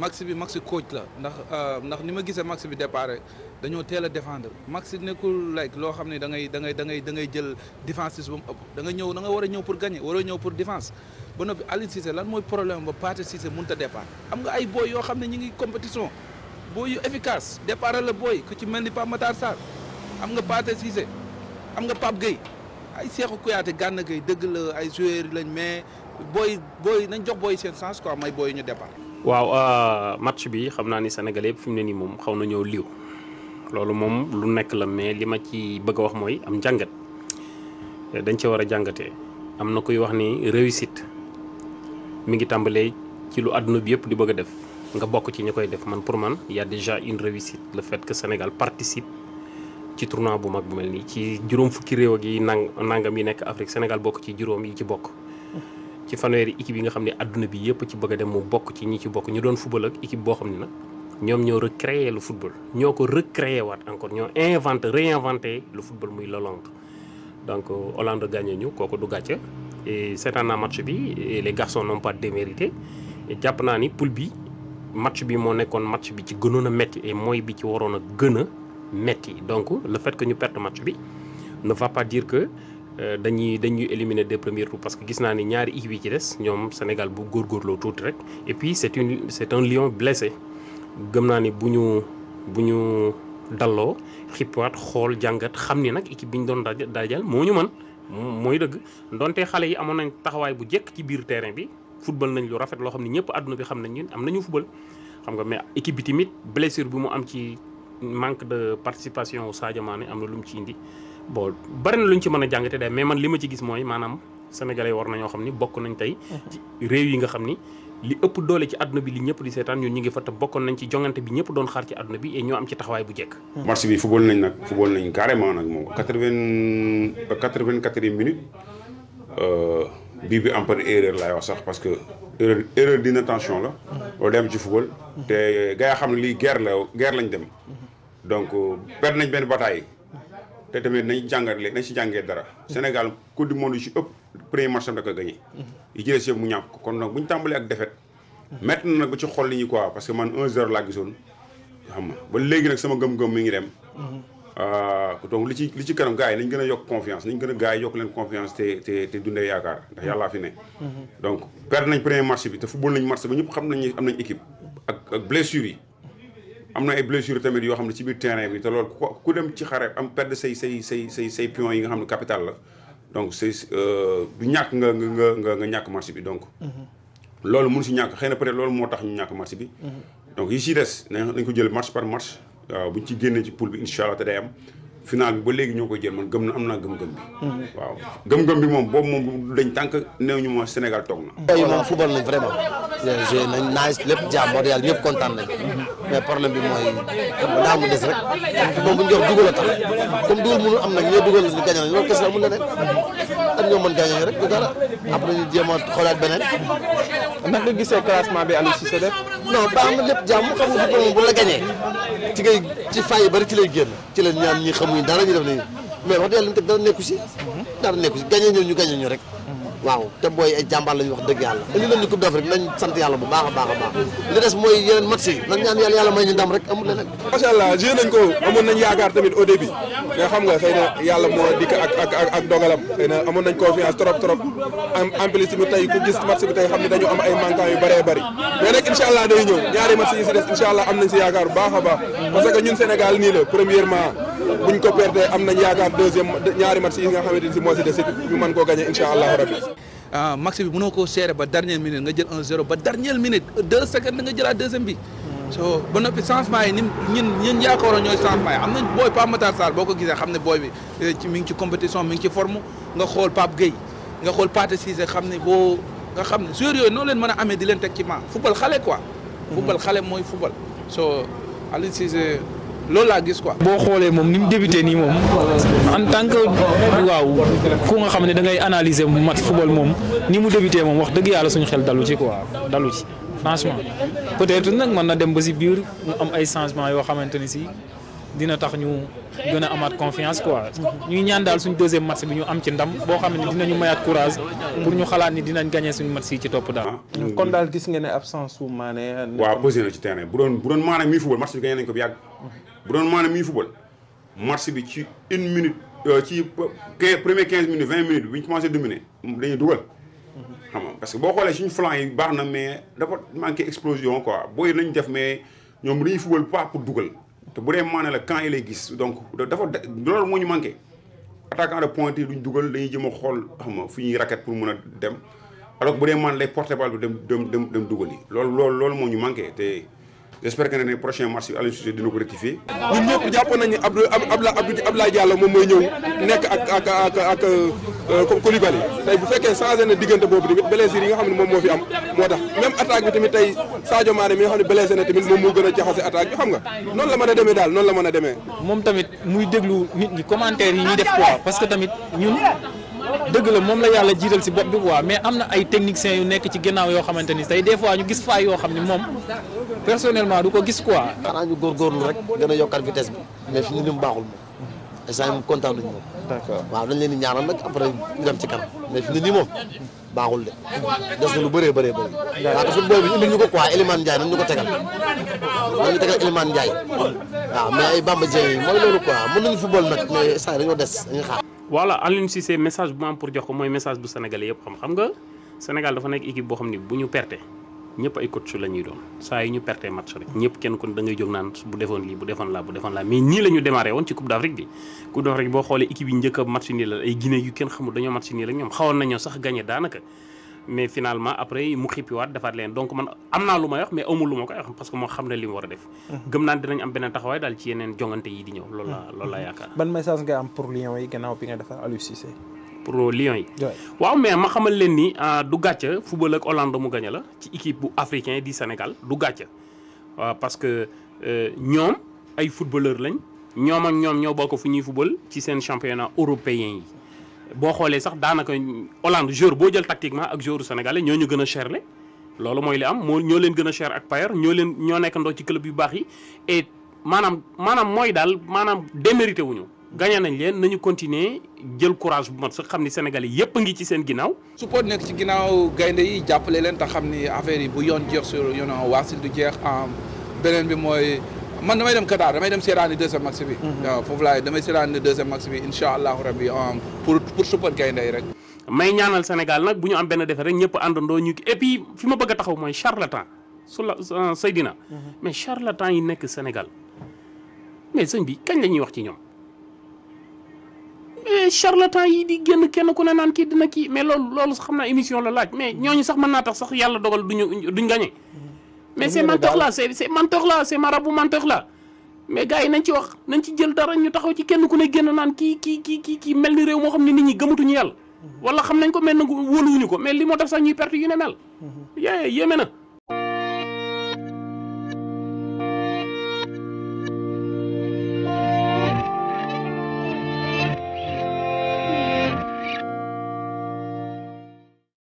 max bi max coach la ndax euh, ndax ni ma gisee max bi départ dañoo teel a défendre max nekkul like loo xam ne da ngay da ngay da ngay da jël défense ba mu ëpp da ñëw da nga war a ñëw pour gagner waroo ñëw pour défense ba noppi Aliou Cissé lan mooy problème ba Pathé Cissé mun ta départ am nga ay booy yoo xam ne ñu ngi compétition booy yu efficace départ la booy ku ci mel ni Pape Matar Sarr am nga Pathé Cissé am nga Pape Gueye ay Cheikhou Kouyaté gànn Gueye dëgg la ay joueurs lañ mais booy booy nañ jox booy seen chance quoi may booy ñu départ waaw euh, match bi xam naa ni Sénégal yëpp fi ne nii moom xaw na ñëw liw loolu moom lu nekk la mais li ma ci bëgg a wax mooy am jàngat dañ ci war a jàngatee am na kuy wax ni réussite mi ngi tàmbalee ci lu àdduna bi yëpp di bëgg a def nga bokk ci ñu koy def man pour man y a déjà une réussite le fait que Sénégal participe ci tournoi bu mag bu mel nii ci juróom fukki réew ak nang nangam yi nekk Afrique Sénégal bokk ci juróom yi ci bokk ci fanweeri équipe yi nga xam ne àdduna bi yëpp ci bëgg a dem mu bokk ci ñi ci bokk ñu doon football ak équipe boo xam ne nag ñoom ñoo recréer le football ñoo ko recréer waat encore ñoo inventé réinventé le football muy Hollande donc euh, Hollande gagné ñu kooku du gàcce et seetaan naa match bi les garçons n'ont pas démérité jàpp naa ni poule bi match bi moo nekkoon match bi ci gënoon a métti mooy bi ci waroon a gën a métti donc le fait que ñu perte match bi ne va pas Euh, dañuy dañuy éliminer des premiers tours parce que gis naa ni ñaari équipe yi ci des ñoom Sénégal bu góorgóorloo tuuti rek et puis c'est une c'est un lion blessé gëm naa ni bu ñu bu ñu dalloo xippaat xool jàngat xam ni nag équipe bi ñu doon daajal moo ñu mën mooy dëgg donte xale yi amoon nañ taxawaay bu jekk ci biir terrain bi football nañ lu rafet loo xam ne ñëpp àdduna bi xam nañ ñun am nañu football xam nga mais équipe bi tamit blessure bi mu am ci manque de participation Sadio Mané am na lu mu ci indi bon bari na lu ñu ci mën a jàngate day mais man li ma ci gis mooy maanaam sénégalais war ñoo xam ni bokk nañ tey ci réew yi nga xam ni li ëpp doole ci àdduna bi li ñëpp di seetaan ñun ñu ngi fa te bokkoon nañ ci bi ñëpp doon xaar ci àdduna bi et ñoo am ci taxawaay bu jekk match bi football nañ nag football nañ carrément nag moom quatre-vingt vingt quatrième minute euh, bii bi am par erreur laay wax sax parce que erreur erreur d'inattention la mm-hmm. loolu dem ci football mm-hmm. te gars yi xam ne lii ger la guerre lañ dem mm-hmm. donc euh, perdre nañ benn bataille te tamit nañ jàngale nañ si jàngee dara. Mm-hmm. Sénégal coupe du monde yu si ëpp premier match am mm-hmm. kon nag bu ñu tàmbalee ak défaite. métti mm-hmm. na nag ba ci xol li ñu quoi parce que man 1h laa gisoon xam na ba léegi nag sama gëm-gëm mi ngi dem. Ah, donc li ci li ci kanam gars yi nañ gën a yokk confiance nañ gën a gars yi yokk leen confiance te te te dundee yaakaar ndax yàllaa fi ne. donc perdre nañ premier match bi te football nañ match bi ñëpp xam nañ am nañ équipe ak ak blessure yi. am na ay blessures tamit yoo xam ne ci biir terrain bi te loolu ku dem ci xare am perte say say say say say pion yi nga xam ne capital la donc c'est euh, du ñàkk nga nga nga ñàkk marché bi donc. Mm-hmm. loolu mun si ñàkk xëy na peut loolu moo tax ñu ñàkk marché bi. Mm-hmm. donc yi si des dañ ko jël marche par marche waaw bu ñu ci génnee ci poule bi incha allah te day am final bi ba léegi ñoo ko jël man gëm na am naa gëm-gëm bi. Mm-hmm. waaw gëm-gëm bi moom boobu moom dañ tànk néew ñu ma Sénégal toog na. tey moom football nañ vraiment. ñëpp kontaan nañ. mais problème bi mooy xam nga daa mu des rek moom bu ñu jox dugal a tax comme dugal mënul am nag ñoo dugal ñu gañe nañ loolu kese la mën na nekk ak ñoo mën gañe rek du dara après ñu jéem a xoolaat beneen ndax nga gisee classement bi Aliou Cissé def non baax na lépp jàmm xam nga football moom bu la gañee ci ngay ci fay bari ci lay génn ci la ñaan ñi xamuñu dara ñu def nañu mais wax dëgg yàlla li mu teg dara nekku si dara nekku si gañe ñëw ñu gañe ñu rek waaw te booy ay jàmbaar lañu wax dëgg yàlla indi leen sant yàlla bu baax a baax a baax li des mooy yeneen match yi nañ ñaan tamit au début mais na yàlla moo dikk ak nañ confiance trop trop en plus bi xam ne dañu am ay manquant yu bëree bëri mais nag incha allah day ñëw ñaari match yi nañ si yaakaar baax a baax parce que ñun Sénégal nii la premièrement buñ ko perdee am nañ yaakaar deuxième ñaari match yi nga xamante ni si moo si des ñu mën koo gagné incha allahu rabi. ah match bi mënoo koo seere ba dernière minute nga jël 1-0 ba dernière minute 2 secondes nga jëlaat deuxième bi. so ba noppi changement yi ni ñun ñun ñooy changement yi am nañ booy Pape Matar Sarr boo ko gisee xam ne booy bi eh, mi nga xool Pape Gueye nga xool Pathé Cissé xam ne boo nga xam ne joueurs yooyu noonu leen mën a amee di leen teg ci ma football xale quoi. Mhm. football xale loolu laa gis quoi. boo xoolee moom ni mu débuté nii moom en tant que waaw ku nga xam ne da ngay analyser mu mat football moom ni mu débuté moom wax dëgg yàlla suñu xel dalu ci quoi dalu ci franchement peut-être nag mën na dem ba si biir mu am ay changement yoo xamante ni si. dina tax ñu gën a amaat confiance quoi ñuy ñaan daal suñ deuxième match bi ñu am ci ndam boo xam ne dinañu mayaat courage pour ñu xalaat ni dinañ gagné suñu match yi ci topp daal. Ah. kon daal gis ngeen ne absence su Mané. Euh, waaw posé na ci terrain bu doon bi gagné nañ ko bi yàgg. bu doon Mané miy football match bi ci une minute euh, ci premier quinze minutes bi ñu commencé dominer dañuy dugal. xam nga parce que boo xoolee suñu flanc yi baax na mais dafa manqué explosion quoi booy nañ def mais ñoom dañuy football pas pour dugal. te bu dee maane la quand il lay gis donc dafa loolu moo ñu manqué attaquant de pointe yi duñ dugal dañuy jëm a xool xam fu ñuy raket pour mën a dem alors bu dee maane lay porté balle bi dem dem dem dugal yi loolu loolu loolu moo ñu manqué te. j'espère que ne prochain match Aliou Cissé dina ko rectifier. ñun ñëpp jàpp nañu ne Abdou ñëw nekk ak ak ak ak comme euh, Koulibaly tey bu fekkee changé na diggante boobu tamit blessure yi nga xam ne moom moo fi am moo tax même attaque bi tamit tey Sadio Mané mi xam ne blessé na tamit moom moo gën a jaxase attaque bi xam nga noonu la mën a demee daal noonu la mën a demee. moom tamit muy déglu nit ñi commentaire yi ñu def quoi parce que tamit ñun. dëgg la moom la yàlla jiital si bopp bi quoi mais am na ay techniciens yu nekk ci ginnaaw yoo xamante ni tey des fois ñu gis faa yoo xam ne du ko gis quoi. xanaa ñu góorgóorlu rek gën a yokkaat vitesse bi mais fi ñu ni mu baaxul moom instant yii moom kontaan nañu moom. leen di ñaanal nag après ñu dem ci kanam mais fi ñu ni moom baaxul de lu bëree bëri. waaw te suñu booy bi indi ñu ko quoi ko tegal nañu tegal Elimane Ndiaye waaw mais ay Bamba yi nañu football nag mais instant dañoo des dañuy xaar voilà Aliou Cissé message bu ma am pour jox ko mooy message bu sénégalais yëpp xam xam nga Sénégal dafa nekk équipe boo xam ni bu ñu perte ñëpp ay coach la ñuy doon saa yi ñu perte match rek ñëpp kenn kon da ngay jóg naan bu defoon lii bu defoon laa bu defoon laa mais nii la ñu démarré woon ci coupe d' afrique bi coupe d' afrique boo xoolee équipe yi njëkk a match nii la ay Guinée yu kenn xamul dañoo match nii la ñoom xawoon nañoo sax gagné daanaka mais finalement après mu xippiwaat defaat leen donc man am naa lu may wax mais amul lu ma koy wax parce que moo xam ne li mu war a def. Mhm. gëm naa dinañ am beneen taxawaay daal ci yeneen jongante yi di ñëw. loolu la loolu la mhm. yaakaar. ban message nga am pour Lions yi gannaaw bi nga defar Aliou pour Lions yi. waaw mais ma xamal leen ni ah, du gàcce football ak Hollande mu gañe la ci équipe bu africain di Sénégal du gàcce waaw parce que euh, ñoom ay footballeur lañ ñoom ak ñoom ñoo bokk fu ñuy football ci seen championnat européen yi. boo xoolee sax daanaka Hollande joueur boo jël tactiquement ak joueur sénégalais ñoo ñu gën a cherle loolu mooy li am moo ñoo leen gën a cher ak Payar ñoo leen ñoo nekkandoo ci club yu baax yi et maanaam maanaam mooy daal maanaam démérité wuñu gañe nañ leen nañu continuer jël courage bu mat sax xam ni Sénégalais yëpp a ngi ci seen ginnaaw. support nekk ci ginnaaw gaynde yi jàppale leen te xam ni affaire yi bu yoon jeex sur yoon si du jeex beneen bi mooy. man damay dem Qatar damay dem seetaani deuxième match bi. Mhm. waaw foofu laay damay seetaani deuxième match bi incha allahu rabbi pour pour support gaynde rek. may ñaanal senegal nag bu ñu am benn defet rek ñëpp àndandoo ñu et fi ma bëgg a taxaw mooy charlatan su la euh, Seydina. Mhm. mais charlatan yi nekk Sénégal mais sëñ bi kañ la ñuy wax ci ñoom. mais charlatan yi di génn kenn ku ne naan kii dina kii mais loolu xam naa émission la laaj mais ñooñu sax mën naa tax sax yàlla dogal duñu duñ gañe mais c'est menteur là c'est c'est menteur là c'est marabu menteur là mais gars yi nañ ci wax nañ ci jël dara ñu taxaw ci kenn ku ne génn naan kii kii kii kii kii mel ni réew moo xam ne nit ñi gëmatuñu yàlla mm-hmm. wala xam nañ ko mel na wóoluwuñu ko mais li moo tax sax ñuy perte yu ne mel mm-hmm. yee yéeme na